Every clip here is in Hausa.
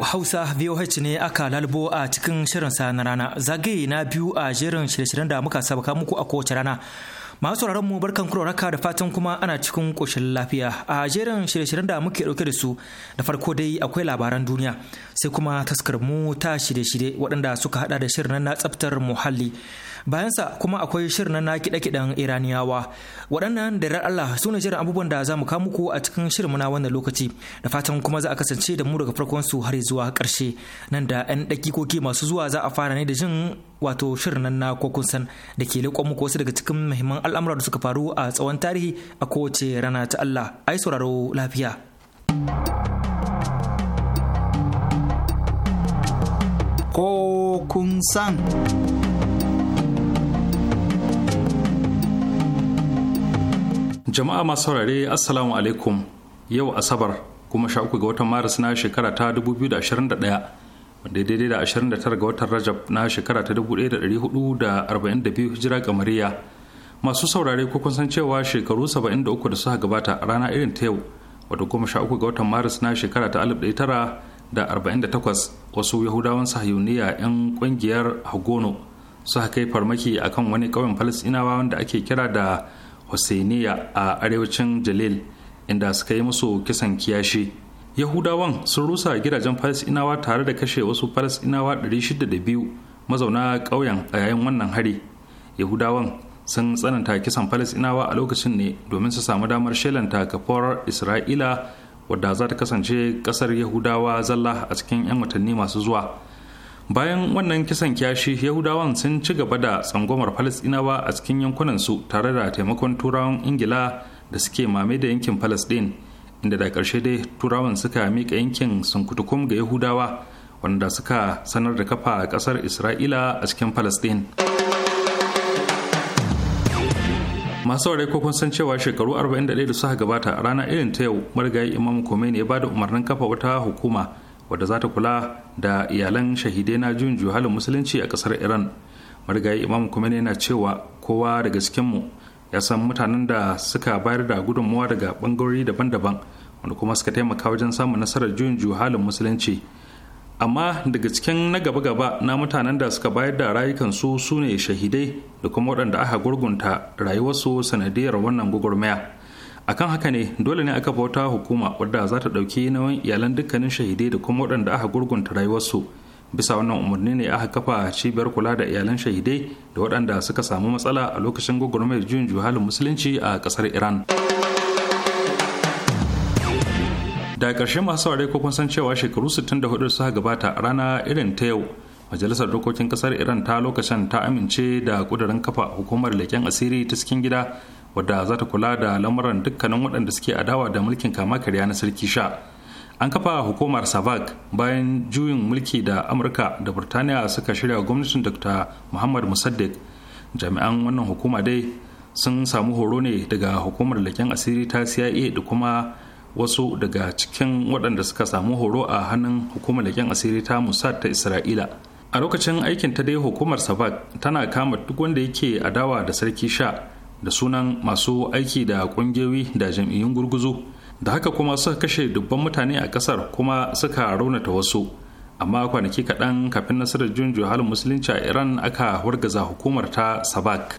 Hausa VOH ne aka lalbo a cikin shirin sa na rana zagaye na biyu a jerin shirye-shiryen da muka sabaka muku a kowace rana. Masu sauraron mu barkan raka da fatan kuma ana cikin koshin lafiya a jerin shirye-shiryen da muke dauke da su da farko dai akwai labaran duniya sai kuma taskar mu ta shirye-shirye waɗanda suka hada da shirin na tsaftar muhalli bayan sa kuma akwai shirin na kiɗe-kiɗen iraniyawa waɗannan da rar allah su ne jiran abubuwan da za mu kawo muku a cikin shirin na wannan lokaci da fatan kuma za a kasance da mu daga farkon su har zuwa ƙarshe nan da 'yan dakikoki masu zuwa za a fara ne da jin wato shirin nan na kokun san da ke leƙon muku wasu daga cikin muhimman al'amura da suka faru a tsawon tarihi a kowace rana ta allah ai sauraro lafiya kokun san. jama'a masu saurare assalamu alaikum yau asabar kuma sha uku ga watan maris na shekara ta 2021 wanda daidai da 29 ga watan rajab na shekara ta 1442 hijira Mariya. masu saurare ko kun san cewa shekaru 73 da suka gabata a rana irin ta yau wato kuma sha uku ga watan maris na shekara ta 1948 wasu yahudawan sahiyuniya 'yan kungiyar hagono suka kai farmaki akan wani ƙauyen Falasinawa wanda ake kira da Hussainiya a arewacin Jalil inda suka yi musu kisan kiyashi. Yahudawan sun rusa gidajen Falasɗinawa tare da kashe wasu Falasɗinawa 602 mazauna ƙauyen a yayin wannan hari. Yahudawan sun tsananta kisan Falasɗinawa a lokacin ne domin su samu damar shelanta kafuwar Isra'ila wadda za ta kasance ƙasar Yahudawa zalla a cikin 'yan watanni masu zuwa. bayan wannan kisan kyashi yahudawan sun ci gaba da tsangwamar falastinawa a cikin yankunansu tare da taimakon turawan ingila da suke mame da yankin falasɗin inda da karshe dai turawan suka mika yankin sunkutukum ga yahudawa wanda suka sanar da kafa kasar isra'ila a cikin falasɗin masu ware ko san cewa shekaru 41 da suka gabata rana irin ta yau marigayi imam komeni ya bada umarnin kafa wata hukuma wadda za ta kula da iyalan shahidai na junju halin musulunci a kasar iran marigayi imam kuma na cewa kowa daga cikinmu ya san mutanen da suka bayar da gudunmuwa daga bangarori daban-daban wanda kuma suka taimaka wajen samun nasarar juyin halin musulunci amma daga cikin na gaba-gaba na mutanen da suka bayar da rayukansu su ne shahidai da kuma waɗanda aka gurgunta rayuwarsu sanadiyar wannan gwagwarmaya akan haka ne dole ne aka bauta hukuma wadda za ta dauki nauyin iyalan dukkanin shahidai da kuma waɗanda aka gurgunta rayuwarsu bisa wannan umarni ne aka kafa cibiyar kula da iyalan shahidai da waɗanda suka samu matsala a lokacin gwagwarmayar juyin juhalin musulunci a kasar iran da ƙarshe masu saurare ko kun san cewa shekaru 64 suka gabata rana irin ta yau majalisar dokokin kasar iran ta lokacin ta amince da ƙudurin kafa hukumar leƙen asiri ta cikin gida wadda za ta kula da lamuran dukkanin waɗanda suke adawa da mulkin kama karya na sarki sha an kafa hukumar savak bayan juyin mulki da amurka da burtaniya suka shirya gwamnatin dr muhammad musaddiq jami'an wannan hukuma dai sun samu horo ne daga hukumar leken asiri ta cia da kuma wasu daga cikin waɗanda suka samu horo a hannun hukumar leken asiri ta musad ta isra'ila a lokacin aikin ta dai hukumar savak tana kama duk wanda yake adawa da sarki sha da sunan masu aiki da kungiyoyi da jam'iyyun gurguzu da haka kuma suka kashe dubban mutane a kasar kuma suka raunata wasu amma kwanaki kaɗan kafin nasarar jun halin musulunci a iran aka wargaza hukumar ta sabak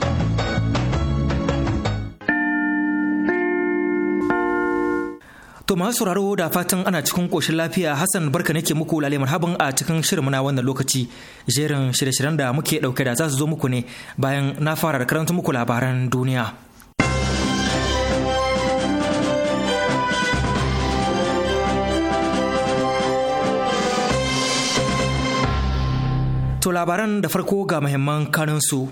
To masu sauraro da fatan ana cikin koshin lafiya Hassan barka nake muku lale marhaban a cikin shirin muna wannan lokaci. Jerin shirye-shiryen da muke ɗauke da za su zo muku ne bayan na fara da karanta muku labaran duniya. To labaran da farko ga muhimman su.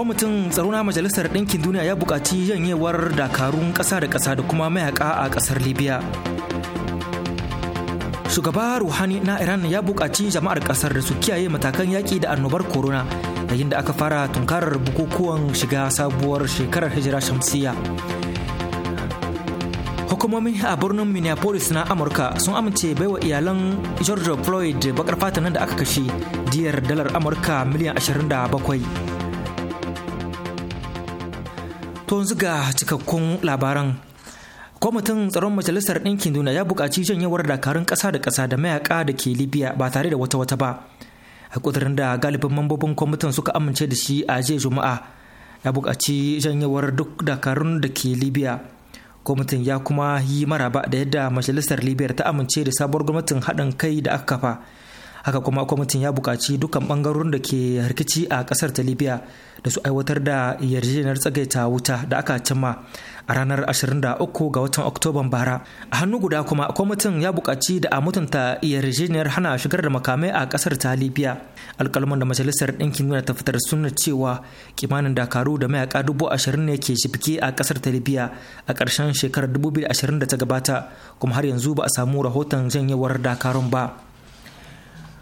kwamitin tsaro na majalisar ɗinkin duniya ya buƙaci janyewar dakarun ƙasa da ƙasa da kuma mayaƙa a ƙasar libya shugaba ruhani na iran ya buƙaci jama'ar ƙasar da su kiyaye matakan yaƙi da annobar corona yayin da aka fara tunkarar bukukuwan shiga sabuwar shekarar hijira shamsiya hukumomi a birnin minneapolis na amurka sun amince baiwa iyalan george floyd bakar fata nan da aka kashe diyar dalar amurka miliyan 27 To yanzu ga cikakkun labaran. Kwamitin tsaron Majalisar Ɗinkin Duniya ya buƙaci janyewar dakarun ƙasa da ƙasa da mayaƙa da ke Libya ba tare da wata wata ba. A ƙudurin da galibin mambobin kwamitin suka amince da shi a jiya Juma'a ya buƙaci janyewar duk dakarun da ke Libya. Kwamitin ya kuma yi maraba da yadda Majalisar Libya ta amince da sabuwar gwamnatin haɗin kai da aka kafa. haka kuma kwamitin ya buƙaci dukkan ɓangarorin da ke rikici a ƙasar ta libya da su aiwatar da yarjejeniyar tsagaita wuta da aka cimma a ranar 23 ga watan oktoban bara a hannu guda kuma kwamitin ya buƙaci da a mutunta yarjejeniyar hana shigar da makamai a ƙasar ta libya alƙalman da majalisar ɗinkin nuna ta fitar suna cewa kimanin dakaru da mayaka dubu ashirin ne ke shifike a ƙasar ta libya a ƙarshen shekarar 2020 da ta gabata kuma har yanzu ba a samu rahoton janyewar dakarun ba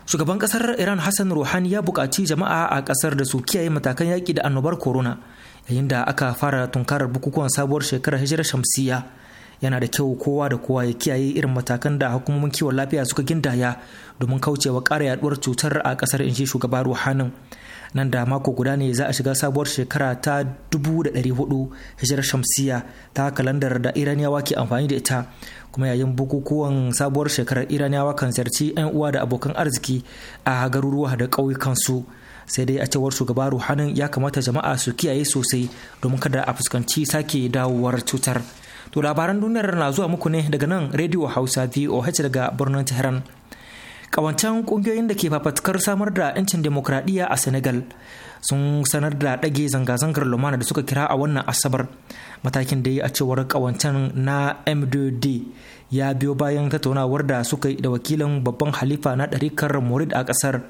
shugaban kasar iran hassan ruhani ya bukaci jama'a a kasar da su kiyaye matakan yaki da annobar corona yayin da aka fara tunkarar bukukuwan sabuwar shekarar hijirar shamsiyya yana da kyau kowa da kowa ya kiyaye irin matakan da hukumomin kiwon lafiya suka gindaya domin kaucewa ƙara yaduwar cutar a kasar in shi shugaba ruhanin nan da mako guda ne za a shiga sabuwar shekara ta 1400 hijirar shamsiya ta kalandar da iraniyawa ke amfani da ita kuma yayin bukukuwan sabuwar shekarar iraniyawa kan ziyarci 'yan uwa da abokan arziki a garuruwa da ƙauyukansu sai dai a cewar shugaba ruhanin ya kamata jama'a su kiyaye sosai domin kada a fuskanci sake dawowar cutar to labaran duniyar na zuwa muku ne daga nan radio hausa voh daga birnin tehran kawancan kungiyoyin da ke fafatkar samar da 'yancin demokradiyya a senegal sun sanar da ɗage zanga-zangar lumana da suka kira a wannan asabar matakin da ya a cewar kawancen na mdd ya biyo bayan tattaunawar da suka yi da wakilin babban halifa na ɗarikar morid a ƙasar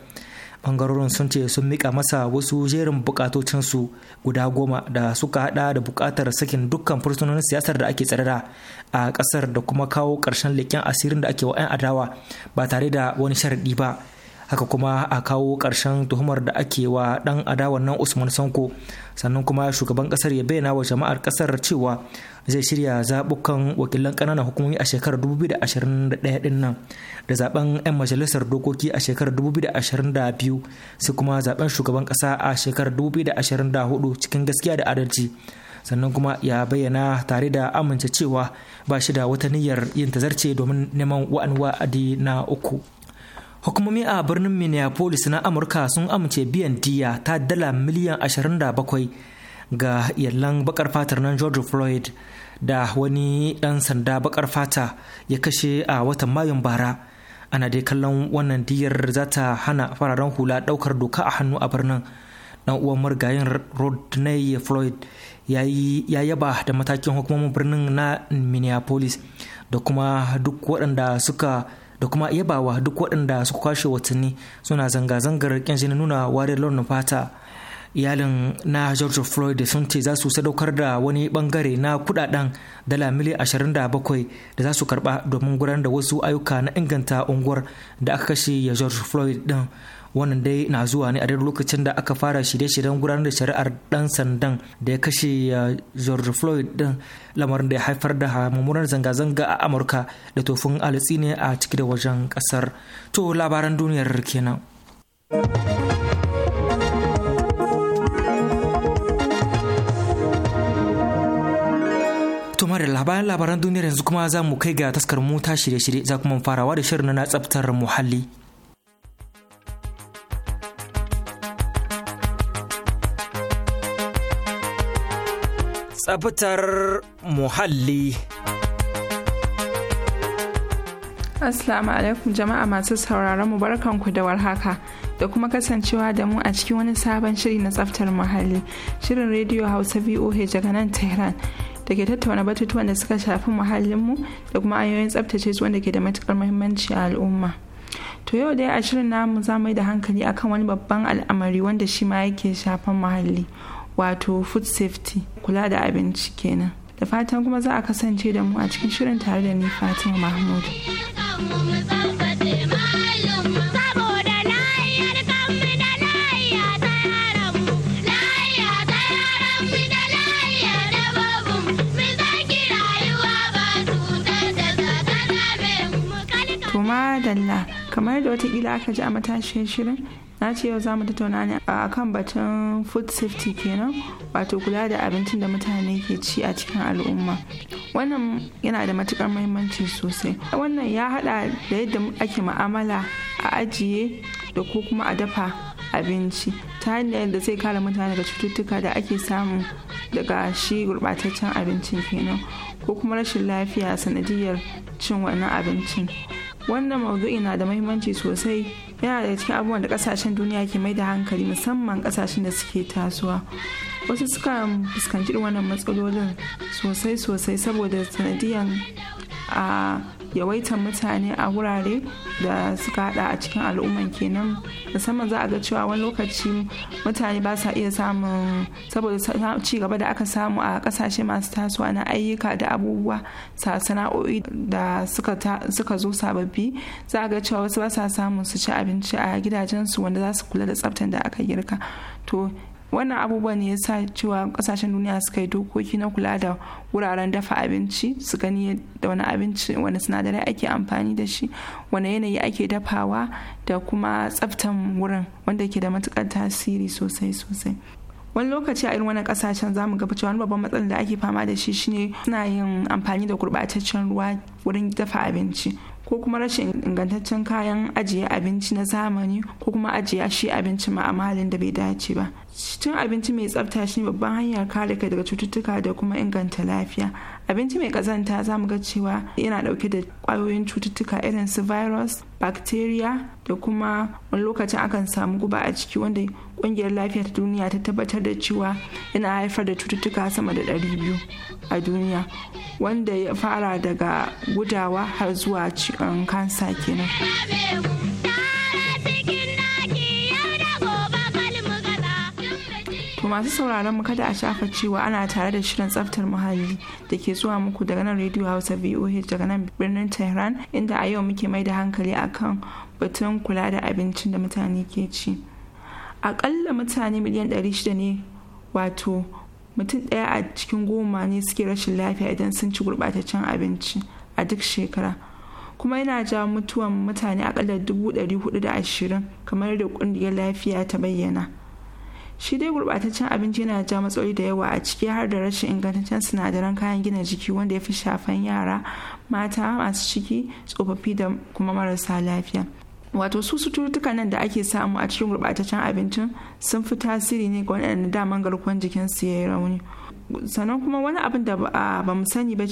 bangarorin sun ce sun mika masa wasu jerin bukatocinsu guda goma da suka hada da bukatar sakin dukkan fursunonin siyasar da ake tsarara a kasar da kuma kawo karshen leƙen asirin da ake wa 'yan adawa ba tare da wani sharaɗi ba haka kuma a kawo ƙarshen tuhumar da ake wa ɗan adawan nan usman sanko sannan kuma shugaban ƙasar ya bayyana wa jama'ar ƙasar cewa zai shirya zaɓukan wakilan ƙananan hukumomi a shekarar 2021 ɗin nan da zaben 'yan majalisar dokoki a shekarar 2022 sai kuma zaben shugaban ƙasa a shekarar 2024 cikin gaskiya da adalci sannan kuma ya bayyana tare da amince cewa ba shi da wata niyyar yin tazarce domin neman wa'an wa'adi na uku. hukumomi a birnin minneapolis na amurka sun amince biyan diya ta dala miliyan 27 ga yallan bakar fatar nan george floyd da wani dan sanda bakar fata ya kashe a watan mayun bara ana dai kallon wannan diyar za ta hana fararen hula daukar doka a hannu a birnin dan uwan marigayin rodney floyd ya yaba da matakin hukumomin birnin na minneapolis da kuma duk waɗanda suka da kuma yabawa duk waɗanda suka kwashe watanni suna zanga-zangar ƙin nuna wariyar launin fata iyalin na george floyd sun ce za su sadaukar da wani bangare na kudaden dala mili 27 da za su karba domin gudanar da wasu ayyuka na inganta unguwar da aka kashe ya george floyd din wannan dai na zuwa ne a duk lokacin da aka fara shirye-shiryen gudanar da shari'ar dan sandan da ya kashe george floyd din lamarin da ya haifar da mummunar zanga-zanga a amurka da tofin alitsi ne a ciki da wajen kasar to labaran duniyar kenan Tumar da labaran labaran duniyar yanzu kuma za mu kai ga taskar mu ta shirye-shirye za kuma farawa da shirin na tsabtar muhalli. tsabtar muhalli. Assalamu alaikum jama'a masu sauraron mu barkanku da warhaka da kuma kasancewa da mu a cikin wani sabon shiri na tsaftar muhalli shirin rediyo Hausa VOH daga nan Tehran da ke tattauna batutuwan da suka shafi muhallinmu da kuma ayoyin tsaftace su wanda ke da matukar muhimmanci a al'umma. to yau dai a shirin namu za yi da hankali akan wani babban al'amari wanda shi ma yake shafan muhalli wato food safety kula da abinci kenan da fatan kuma za a kasance da mu a cikin shirin tare da ni fatima mahmud Tuma dalla kamar da watakila aka ji a matashin shirin na ce yau za mu tattauna ne a kan batun food safety kenan wato kula da abincin da mutane ke ci a cikin al'umma wannan yana da matukar mahimmanci sosai wannan ya hada da yadda ake ma'amala a ajiye da ko kuma a dafa abinci ta hanyar da zai kare mutane daga cututtuka da ake samu daga shi gurbataccen abincin kenan ko kuma rashin lafiya sanadiyar cin wannan abincin wannan maudu'i na da mahimmanci sosai yana da cikin abubuwan da kasashen duniya ke mai da hankali musamman kasashen da suke tasowa wasu suka fuskanci wannan matsalolin sosai sosai saboda sanadiyan a ah, yawaitar mutane a wurare da suka hada a cikin al'umman kenan musamman za a ga cewa wani lokaci mutane ba sa iya samun saboda ci gaba da aka samu a kasashe masu tasowa na ayyuka da abubuwa sana'o'i da suka zo sababbi za a ga cewa wasu ba sa samun su ci abinci a gidajensu wanda za su kula da tsaftar da aka girka to wannan abubuwan ne ya sa cewa kasashen duniya suka yi dokoki na kula da wuraren dafa abinci su gani da wani abinci wani sinadarai ake amfani da shi wani yanayi ake dafawa da kuma tsaftan wurin wanda ke da matukar tasiri sosai sosai wani lokaci a irin wani kasashen zamu ga cewa wani babban matsalar da ake fama da shi shine suna yin amfani da gurbataccen ruwa wurin dafa abinci ko kuma rashin ingantaccen kayan ajiye abinci na zamani ko kuma ajiye shi abinci ma amalin da bai dace ba cin abinci mai tsafta shi babban hanyar kare kai daga cututtuka da kuma inganta lafiya abinci mai kazanta za mu ga cewa yana dauke da kwayoyin cututtuka irin su virus bacteria da kuma wani lokacin akan samu guba a ciki wanda kungiyar lafiya ta duniya ta tabbatar da cewa yana haifar da cututtuka sama da 200 a duniya wanda ya fara daga gudawa har zuwa kansa kenan. To masu sauraron mu kada a shafa cewa ana tare da shirin tsaftar muhalli da ke zuwa muku daga nan Radio Hausa VOH daga nan birnin Tehran inda a yau muke mai da hankali akan batun kula da abincin da mutane ke ci. Akalla mutane miliyan 600 ne wato mutum ɗaya a cikin goma ne suke rashin lafiya idan sun ci gurɓataccen abinci a duk shekara. kuma yana ja mutuwan mutane akalla 420 kamar da kungiyar lafiya ta bayyana. shi dai gurbataccen abinci yana ja matsaloli da yawa a ciki har da rashin ingantaccen sinadaran kayan gina jiki wanda ya fi shafan yara mata masu ciki tsofaffi da kuma marasa lafiya wato su suturtukan nan da ake samu a cikin gurbataccen abincin sun fi tasiri ne ga waɗanda daman garkuwan jikinsu ya yi rauni sannan kuma wani abin da ba mu sani ba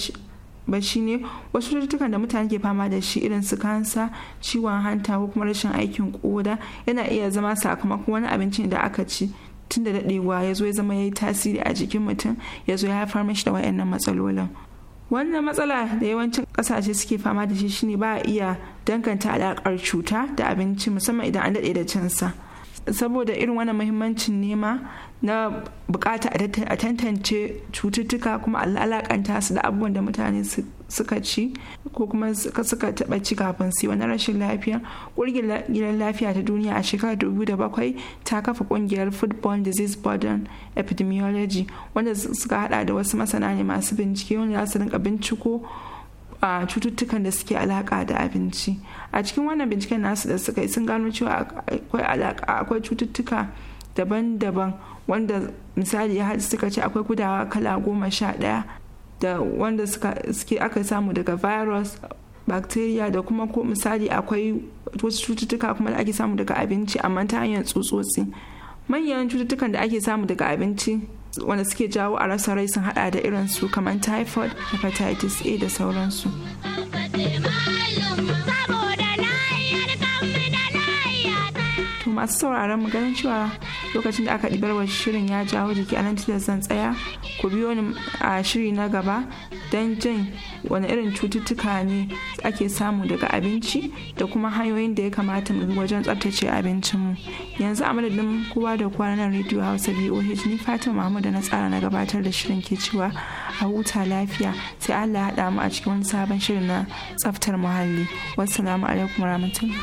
ba ne wasu cututtukan da mutane ke fama da shi irin su kansa ciwon hanta ko kuma rashin aikin koda yana iya zama sakamakon wani abincin da aka ci tun da daɗewa ya zo ya zama ya yi tasiri a jikin mutum ya zo ya haifar mashi da wayannan matsalolin wannan matsala da yawancin ƙasashe suke fama da shi shine ba a iya danganta alaƙar cuta da abinci musamman idan an daɗe da cinsa saboda irin wani muhimmancin nema na bukata a tantance cututtuka kuma alakanta su da abubuwan da mutane suka ci ko kuma suka taba ci kafin su wani rashin lafiya ƙungiyar lafiya ta duniya a shekarar 2007 ta kafa ƙungiyar football disease burden epidemiology wanda suka hada da wasu masana ne masu bincike wanda za su rinka binciko a cututtukan da suke alaka da abinci a cikin wannan binciken nasu da suka yi sun gano cewa akwai cututtuka daban-daban wanda misali ya suka ce akwai gudawa kala goma sha ɗaya da wanda suke aka samu daga virus bacteria da kuma ko misali akwai wasu cututtuka kuma da ake samu daga abinci amma ta hanyar tsutsotsi manyan cututtukan da ake samu daga abinci wanda suke jawo a rasa rai sun hada da irin su kamar typhoid hepatitis a da sauransu. masu sauraron mu ganin cewa lokacin da aka ɗibar shirin ya jawo jiki a nan zan tsaya ku biyo ni a shiri na gaba don jin wani irin cututtuka ne ake samu daga abinci da kuma hanyoyin da ya kamata mu wajen tsabtace mu yanzu a madadin kowa da kowa na rediyo hausa boh ni fatima mahmud da na tsara na gabatar da shirin ke cewa a huta lafiya sai allah haɗa mu a cikin wani sabon shirin na tsaftar muhalli wasu alaikum rahmatullahi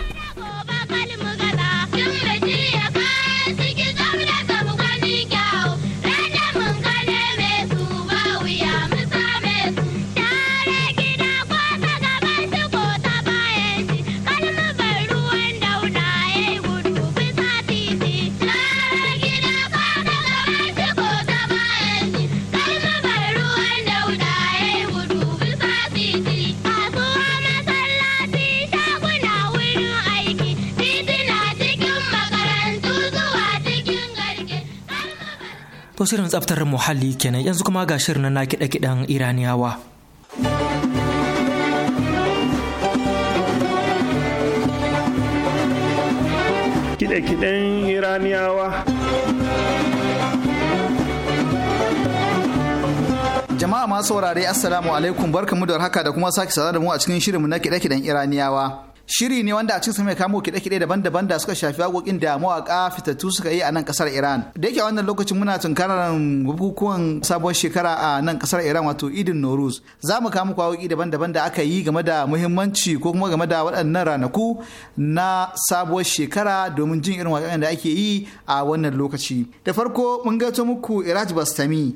shirin tsaftar muhalli kenan yanzu kuma ga shirin na kiɗe-kiɗen iraniyawa kiɗe-kiɗen iraniyawa jama'a masu saurare assalamu alaikum barkamu da haka da kuma sake sada da mu a cikin shirinmu na kiɗe-kiɗen iraniyawa shiri ne wanda a cikin mai kamo kide-kide daban-daban da suka shafi haƙoƙin da mawaƙa fitattu suka yi a nan ƙasar Iran. Da yake wannan lokacin muna tunkarar bukukuwan sabuwar shekara a nan ƙasar Iran wato Idin Noruz. Za mu kamo kwawoki daban-daban da aka yi game da muhimmanci ko kuma game da waɗannan ranaku na sabuwar shekara domin jin irin waƙoƙin da ake yi a wannan lokaci. Da farko mun gaito muku Iraj Bastami.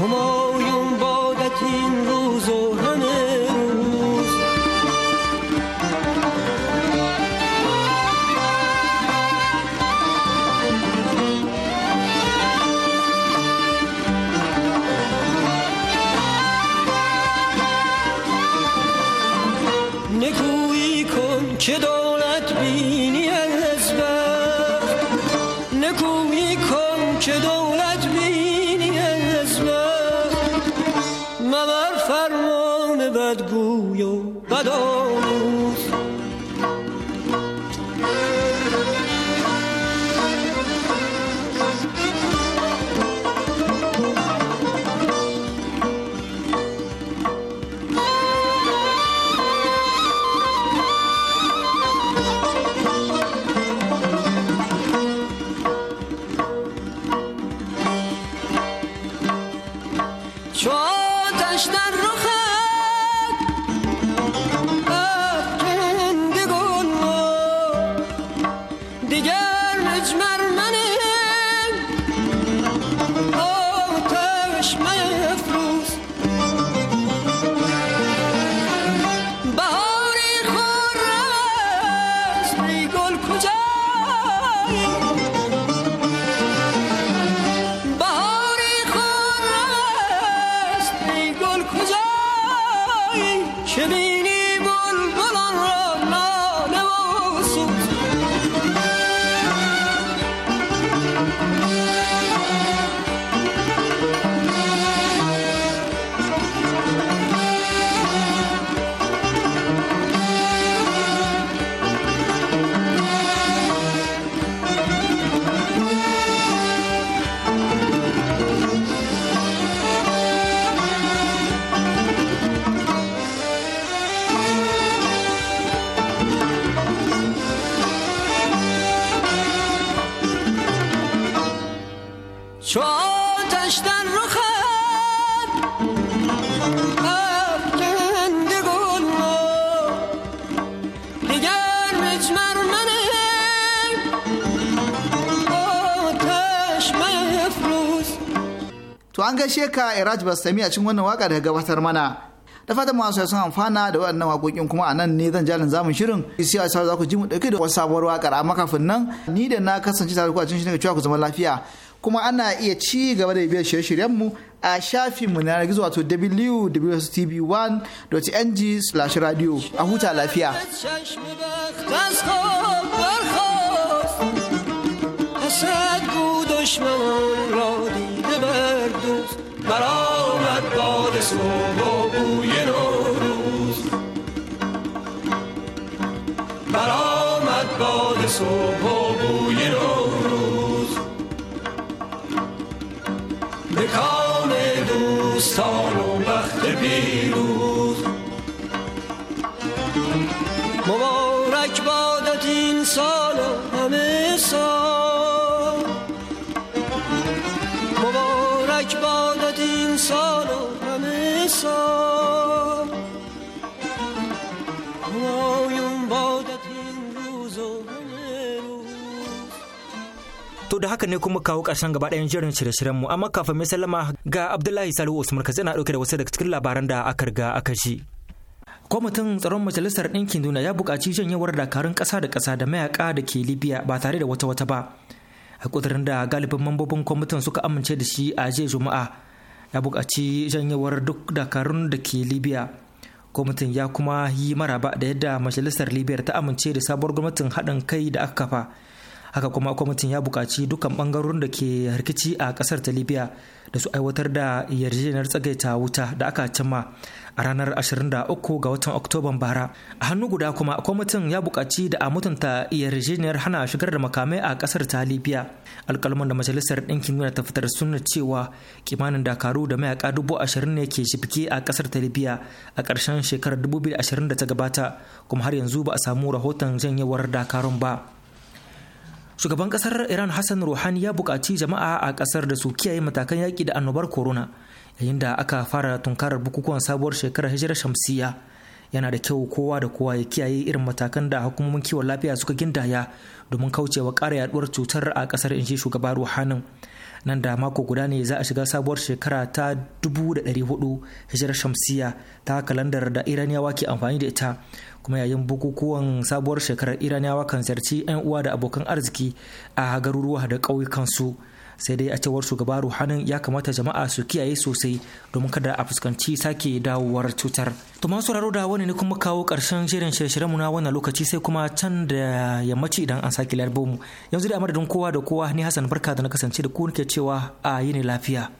Come on. gaishe ka Iraj Bastami a cikin wannan waka da gabatar mana. Da fatan masu sun amfana da waɗannan waƙoƙin kuma a nan ne zan jalin zamun shirin. Sai a za ku ji mu ɗauki da wasu sabuwar waƙar amma kafin nan ni da na kasance tare ku a cikin shirin cewa ku zama lafiya. Kuma ana iya ci gaba da biyar shirye-shiryenmu a shafin mu na gizo wato www.tv1.ng/radio a huta lafiya. دشمنان rodi برآمد باد صبح و بوی نو haka ne kuma kawo karshen gaba ɗayan jerin shirye-shiryen mu amma kafin mai sallama ga Abdullahi Salihu Usman kaza na dauke da wasu daga cikin labaran da aka riga aka ji. kwamitin tsaron majalisar ɗinkin duniya ya buƙaci janyewar dakarun ƙasa da ƙasa da mayaka da ke libya ba tare da wata wata ba a ƙudurin da galibin mambobin kwamitin suka amince da shi a jiya juma'a ya buƙaci janyewar duk dakarun da ke libya kwamitin ya kuma yi maraba da yadda majalisar libya ta amince da sabuwar gwamnatin haɗin kai da aka kafa haka kuma kwamitin ya bukaci dukkan ɓangarorin da ke rikici a kasar ta libya da su aiwatar da yarjejeniyar tsagaita wuta da aka cimma a ranar 23 ga watan oktoban bara a hannu guda kuma kwamitin ya bukaci da a mutunta yarjejeniyar hana shigar da makamai a kasar ta libya alƙalman da majalisar ɗinkin duniya ta fitar sun cewa kimanin dakaru da mayaka dubu ashirin ne ke shifike a kasar ta libya a ƙarshen shekarar 2020 da ta gabata kuma har yanzu ba a samu rahoton janyewar dakarun ba shugaban kasar iran hassan ruhani ya bukaci jama'a a kasar da su kiyaye matakan yaki da annobar corona yayin da aka fara tunkarar bukukuwan sabuwar shekarar hijirar shamsiya yana da kyau kowa da kowa ya kiyaye irin matakan da hukumomin kiwon lafiya suka gindaya domin kaucewa ƙara yaduwar cutar a kasar in shugaba ruhanin nan da mako guda ne za a shiga sabuwar shekara ta 1400 hijirar shamsiya ta kalandar da iraniyawa ke amfani da ita kuma yayin bukukuwan sabuwar shekarar iraniyawa kan ziyarci 'yan uwa da abokan arziki a garuruwa da su sai dai a cewar shugaba ruhanin ya kamata jama'a su kiyaye sosai domin kada a fuskanci sake dawowar cutar to masu sauraro da wani ne kuma kawo karshen shirin shirye-shiryenmu na wannan lokaci sai kuma can da yammaci idan an sake mu yanzu da amadadin kowa da kowa ni hassan barka da na kasance da ku nake cewa a yi ne lafiya